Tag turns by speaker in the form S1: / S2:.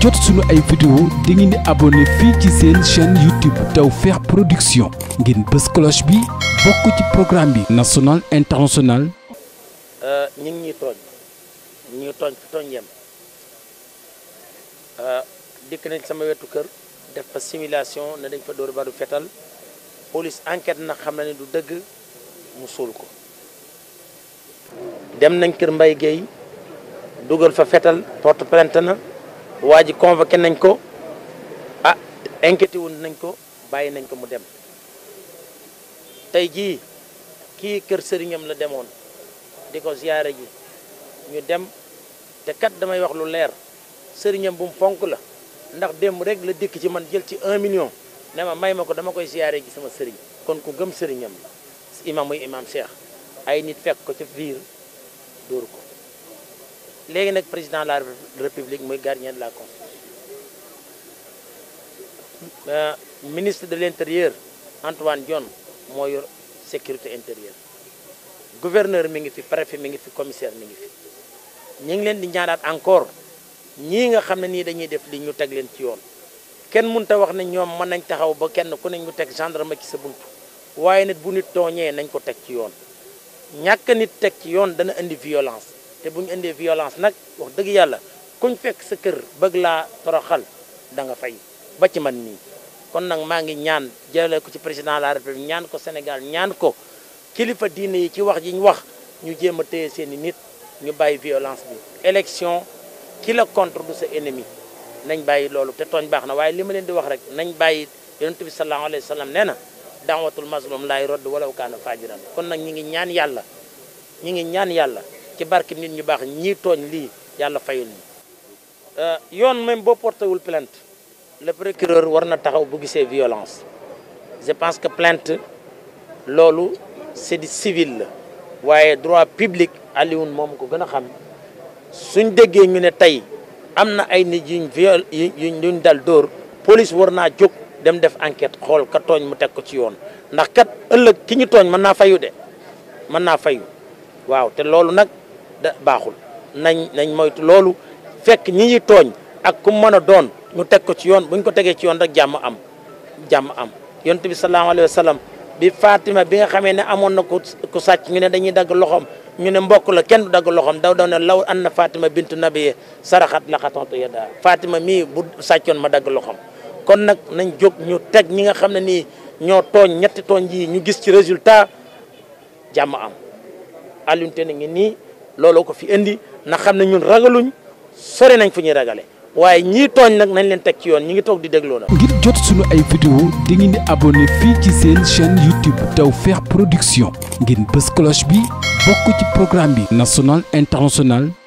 S1: jot suñu ay vidéo da ngeen di abonné fii ci seen chaîne YouTube Tawfekh Production ngeen bës cloche bi bokk ci programme bi national international euh, ñu ngi ñuy tooñ ñu ngi tooñ fi tooñ yem euh, dikk nañ sama wetu kër def fa simulation ne dañ fa dóor balu fetal police enquête na xam na ne du dëgg mu suul ko dem nañ kër Mbaye Guèye dugal fa fetal porte plainte na waa ji convoqué nañ ko ah inquiété wun nañ ko bàyyi nañ ko mu dem tey jii kii kër sëriñam la demoon di ko ziyaare ji ñu dem te kat damay wax lu leer sëriñam bu mu fonk la ndax démb rek la dikk ci man jël ci un million ne ma may ma ko dama koy ziyaare ji sama sëriñ kon ku gëm sëriñam la imam muy ay nit fekk ko ci biir dóor ko léegi nag président de la république muy gardien de la constitution euh, ministre de l' intérieur Antoine Diome mooy yor sécurité intérieure gouverneur mi ngi fi préfet mi ngi fi commissaire mi ngi fi ñu ngi leen di ñaaraat encore ñii nga xam ne nii dañuy def li ñu teg leen ci yoon kenn mënta wax ne ñoom mën nañ taxaw ba kenn ku ne ñu teg gendre ma ci sa bunt waaye nit bu nit tooñee nañ ko teg ci yoon ñàkk nit teg ci yoon dana indi violence te bu ñu indee violance nag wax dëgg yàlla kuñ fekk sa kër bëgg laa toroxal da nga fay ba ci man nii kon nag maa ngi ñaan jëlee ko ci président de la république ñaan ko Sénégal ñaan ko kilifa diine yi ci wax ji ñu wax ñu jéem a téye seen i nit ñu bàyyi violence bi élection ki la contre du sa ennemi nañ bàyyi loolu te tooñ baax na waaye li ma leen di wax rek nañ bàyyi yonent bi sallallahu alayhi wa sallam nee na daawatul mazlum laay rodd walaw kaana fajiran kon nag ñi ngi ñaan yàlla ñi ngi yàlla ci barke nit ñu baax ñii tooñ lii yàlla fayul ñi euh, yoon même boo porté wul plainte le procureur war na taxaw bu gisee violence je pense que plainte loolu c'est du civil la waaye droit public Alioune moom ko gën a xam suñ déggee ñu ne tey am na ay nit yuñ viol yuñ dal dóor police war naa jóg dem def enquête xool ka tooñ mu teg ko ci yoon ndax kat ëllëg ki ñu tooñ mën naa fayu de mën naa fayu waaw te loolu nag da baaxul nañ nañ moytu loolu fekk ñi ñi tooñ ak ku mën a doon ñu teg ko ci yoon buñ ko tegee ci yoon rek jàmm am jàmm am yonent bi sallallahu alayhi wa sallam bi Fatima bi nga xamee ne amoon na ku sàcc ñu ne dañuy dagg loxoom ñu ne mbokk la kenn dagg loxoom daw daw ne law an na Fatima bintu na nabiye saraxat laqatantu yada Fatima mii bu sàccoon ma dagg loxoom kon nag nañ jóg ñu teg ñi nga xam ne nii ñoo ñetti tooñ yi ñu gis ci résultat jàmm am alunte na ngi nii looloo ko fi indi na xam ne ñun ragaluñ sori nañ fu ñuy ragale waaye ñii tooñ nag nañ leen teg ci yoon ñi ngi toog di dégloo na ngir jot suñu ay vidéo di ngeen di abonné fii ci seen chaîne YouTube feex Production ngir bës cloche bi bokk ci programme bi national international